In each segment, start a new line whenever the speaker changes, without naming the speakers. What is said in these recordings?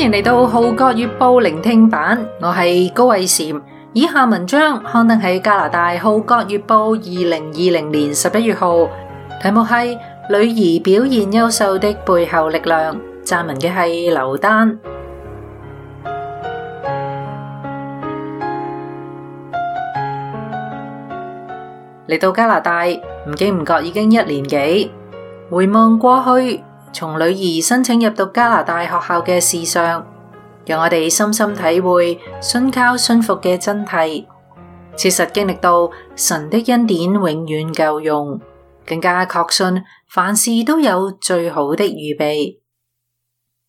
歡迎嚟到《浩角月報》聆聽版，我係高慧嬋。以下文章刊登喺加拿大《浩角月報》二零二零年十一月號，題目係《女兒表現優秀的背後力量》，撰文嘅係劉丹。嚟到加拿大，唔經唔覺已經一年幾，回望過去，從女兒申請入讀加拿大學校嘅事上，讓我哋深深體會信靠順服嘅真諦，切實經歷到神的恩典永遠夠用，更加確信凡事都有最好的預備。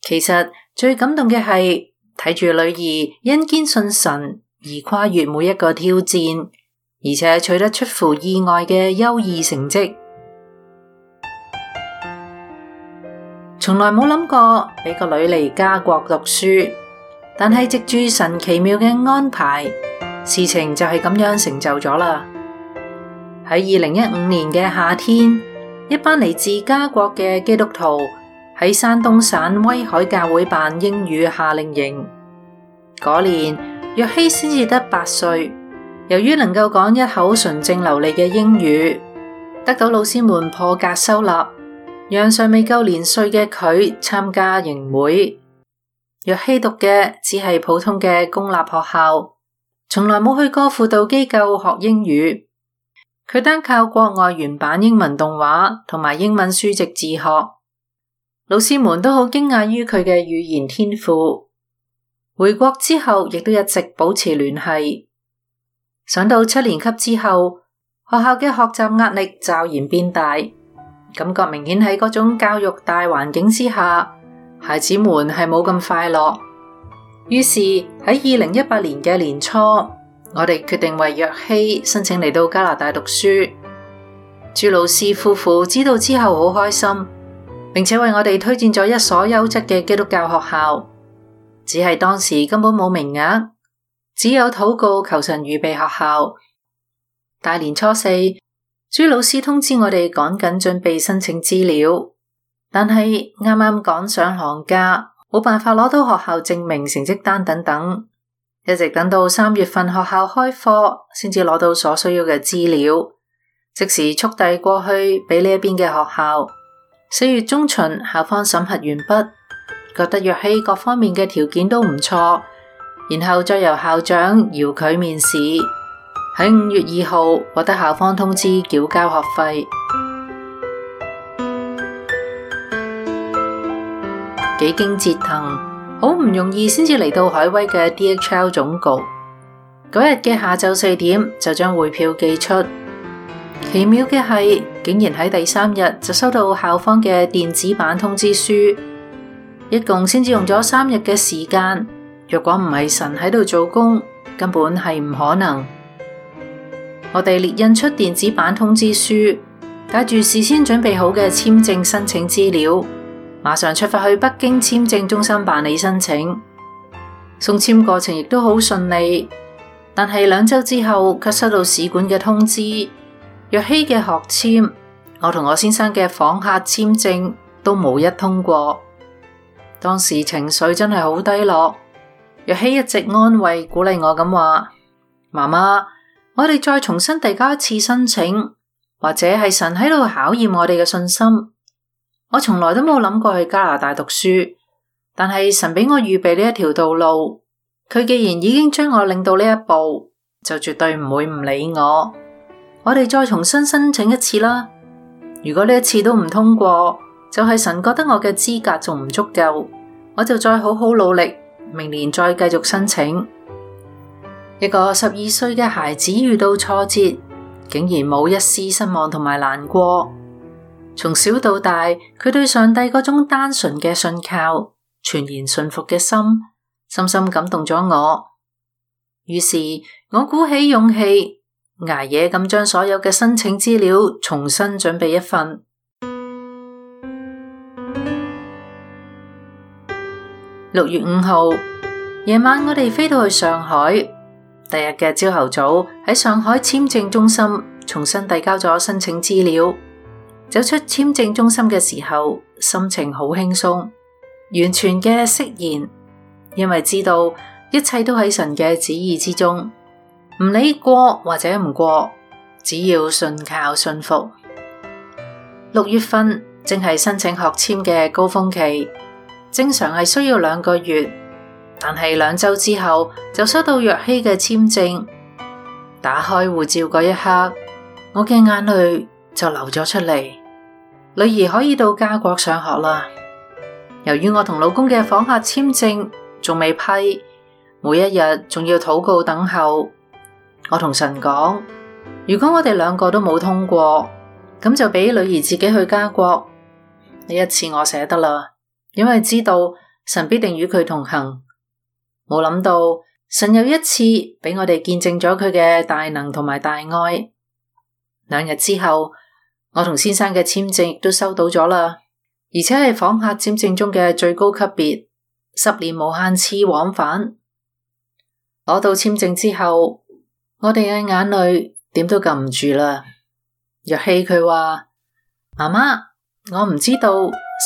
其實最感動嘅係睇住女兒因堅信神而跨越每一個挑戰，而且取得出乎意外嘅優異成績。從來冇諗過畀個女嚟加國讀書，但係藉住神奇妙嘅安排，事情就係咁樣成就咗啦。喺二零一五年嘅夏天，一班嚟自加國嘅基督徒喺山東省威海教會辦英語夏令營。嗰年若希先至得八歲，由於能夠講一口純正流利嘅英語，得到老師們破格收納。讓尚未夠年歲嘅佢參加營會。若希讀嘅只係普通嘅公立學校，從來冇去過輔導機構學英語。佢單靠國外原版英文動畫同埋英文書籍自學，老師們都好驚訝於佢嘅語言天賦。回國之後，亦都一直保持聯繫。上到七年級之後，學校嘅學習壓力驟然變大。感覺明顯喺嗰種教育大環境之下，孩子們係冇咁快樂。於是喺二零一八年嘅年初，我哋決定為若希申請嚟到加拿大讀書。朱老師夫婦知道之後好開心，並且為我哋推薦咗一所優質嘅基督教學校。只係當時根本冇名額，只有禱告求神預備學校。大年初四。朱老師通知我哋趕緊準備申請資料，但係啱啱趕上寒假，冇辦法攞到學校證明、成績單等等，一直等到三月份學校開課，先至攞到所需要嘅資料，即時速遞過去畀呢一邊嘅學校。四月中旬校方審核完畢，覺得若曦各方面嘅條件都唔錯，然後再由校長邀佢面試。喺五月二號，獲得校方通知繳交學費，幾經折騰，好唔容易先至嚟到海威嘅 DHL 總局。嗰日嘅下晝四點就將匯票寄出。奇妙嘅係，竟然喺第三日就收到校方嘅電子版通知書。一共先至用咗三日嘅時間。若果唔係神喺度做工，根本係唔可能。我哋列印出電子版通知書，帶住事先準備好嘅簽證申請資料，馬上出發去北京簽證中心辦理申請。送簽過程亦都好順利，但係兩周之後，卻收到使館嘅通知：若曦嘅學簽，我同我先生嘅訪客簽證都無一通過。當時情緒真係好低落，若曦一直安慰鼓勵我咁話：媽媽。我哋再重新遞交一次申請，或者係神喺度考驗我哋嘅信心。我從來都冇諗過去加拿大讀書，但係神俾我預備呢一條道路。佢既然已經將我領到呢一步，就絕對唔會唔理我。我哋再重新申請一次啦。如果呢一次都唔通過，就係神覺得我嘅資格仲唔足夠，我就再好好努力，明年再繼續申請。一個十二歲嘅孩子遇到挫折，竟然冇一絲失望同埋難過。從小到大，佢對上帝嗰種單純嘅信靠、全然信服嘅心，深深感動咗我。於是，我鼓起勇氣，挨夜咁將所有嘅申請資料重新準備一份。六月五號夜晚，我哋飛到去上海。第日嘅朝頭早喺上，上海簽證中心重新遞交咗申請資料，走出簽證中心嘅時候，心情好輕鬆，完全嘅釋然，因為知道一切都喺神嘅旨意之中，唔理過或者唔過，只要信靠順服。六月份正係申請學簽嘅高峰期，正常係需要兩個月。但係兩周之後就收到若希嘅簽證，打開護照嗰一刻，我嘅眼淚就流咗出嚟。女兒可以到加國上學啦。由於我同老公嘅訪客簽證仲未批，每一日仲要禱告等候。我同神講：如果我哋兩個都冇通過，咁就俾女兒自己去加國。呢一次我捨得啦，因為知道神必定與佢同行。冇諗到神又一次俾我哋見證咗佢嘅大能同埋大愛。兩日之後，我同先生嘅簽證亦都收到咗啦，而且係訪客簽證中嘅最高級別，十年無限次往返。攞到簽證之後，我哋嘅眼淚點都撳唔住啦。若希佢話：媽媽，我唔知道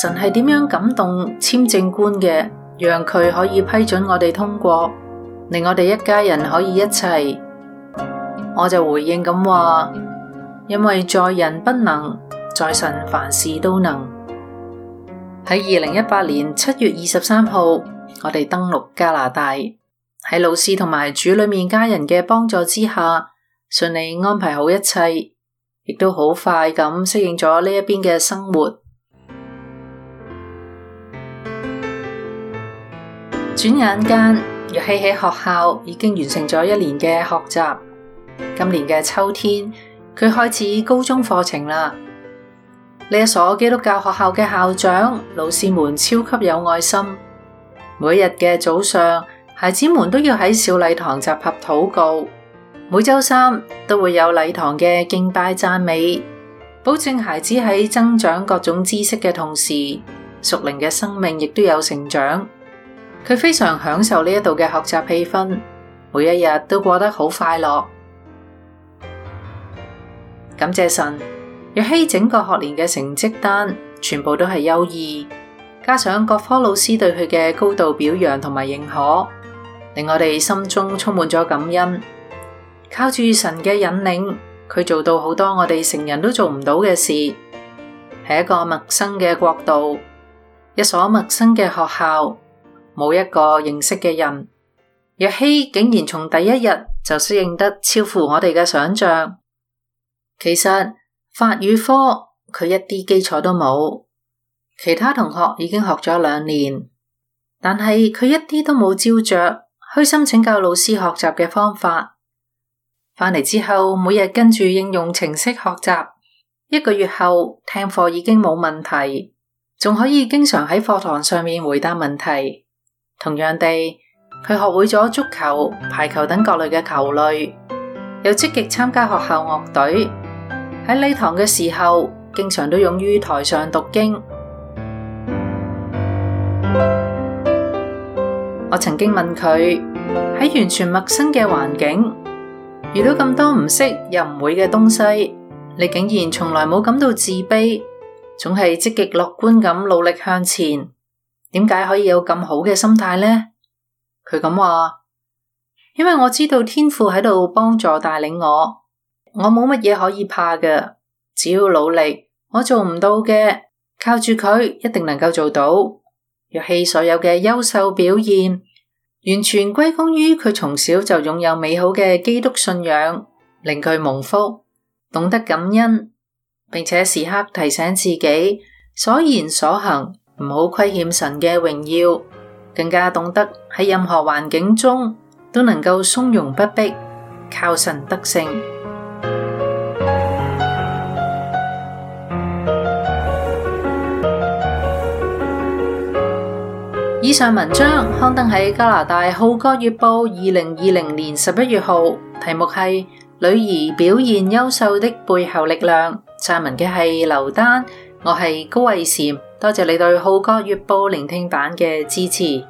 神係點樣感動簽證官嘅。讓佢可以批准我哋通過，令我哋一家人可以一齊。我就回應咁話，因為在人不能，在神凡事都能。喺二零一八年七月二十三號，我哋登陸加拿大，喺老師同埋主裏面家人嘅幫助之下，順利安排好一切，亦都好快咁適應咗呢一邊嘅生活。轉眼間，若曦喺學校已經完成咗一年嘅學習。今年嘅秋天，佢開始高中課程啦。呢一所基督教學校嘅校長、老師們超級有愛心。每日嘅早上，孩子們都要喺小禮堂集合禱告。每周三都會有禮堂嘅敬拜讚美，保證孩子喺增長各種知識嘅同時，屬靈嘅生命亦都有成長。佢非常享受呢一度嘅學習氣氛，每一日都過得好快樂。感謝神，若希整個學年嘅成績單全部都係優異，加上各科老師對佢嘅高度表揚同埋認可，令我哋心中充滿咗感恩。靠住神嘅引領，佢做到好多我哋成人都做唔到嘅事。係一個陌生嘅國度，一所陌生嘅學校。冇一個認識嘅人，若希竟然從第一日就適應得超乎我哋嘅想象。其實法語科，佢一啲基礎都冇，其他同學已經學咗兩年，但係佢一啲都冇焦着，虛心請教老師學習嘅方法。返嚟之後，每日跟住應用程式學習，一個月後聽課已經冇問題，仲可以經常喺課堂上面回答問題。同樣地，佢學會咗足球、排球等各類嘅球類，又積極參加學校樂隊。喺禮堂嘅時候，經常都勇於台上讀經。 我曾經問佢：喺完全陌生嘅環境，遇到咁多唔識又唔會嘅東西，你竟然從來冇感到自卑，總係積極樂觀咁努力向前。點解可以有咁好嘅心態呢？佢咁話，因為我知道天父喺度幫助帶領我，我冇乜嘢可以怕嘅。只要努力，我做唔到嘅，靠住佢一定能夠做到。若氣所有嘅優秀表現，完全歸功於佢從小就擁有美好嘅基督信仰，令佢蒙福，懂得感恩，並且時刻提醒自己所言所行。唔好虧欠神嘅榮耀，更加懂得喺任何環境中都能夠從容不迫，靠神得勝。以上文章刊登喺加拿大《號角月報》二零二零年十一月號，題目係《女兒表現優秀的背後力量》，撰文嘅係劉丹，我係高慧嬋。多謝你對《號角月報聆聽版》嘅支持。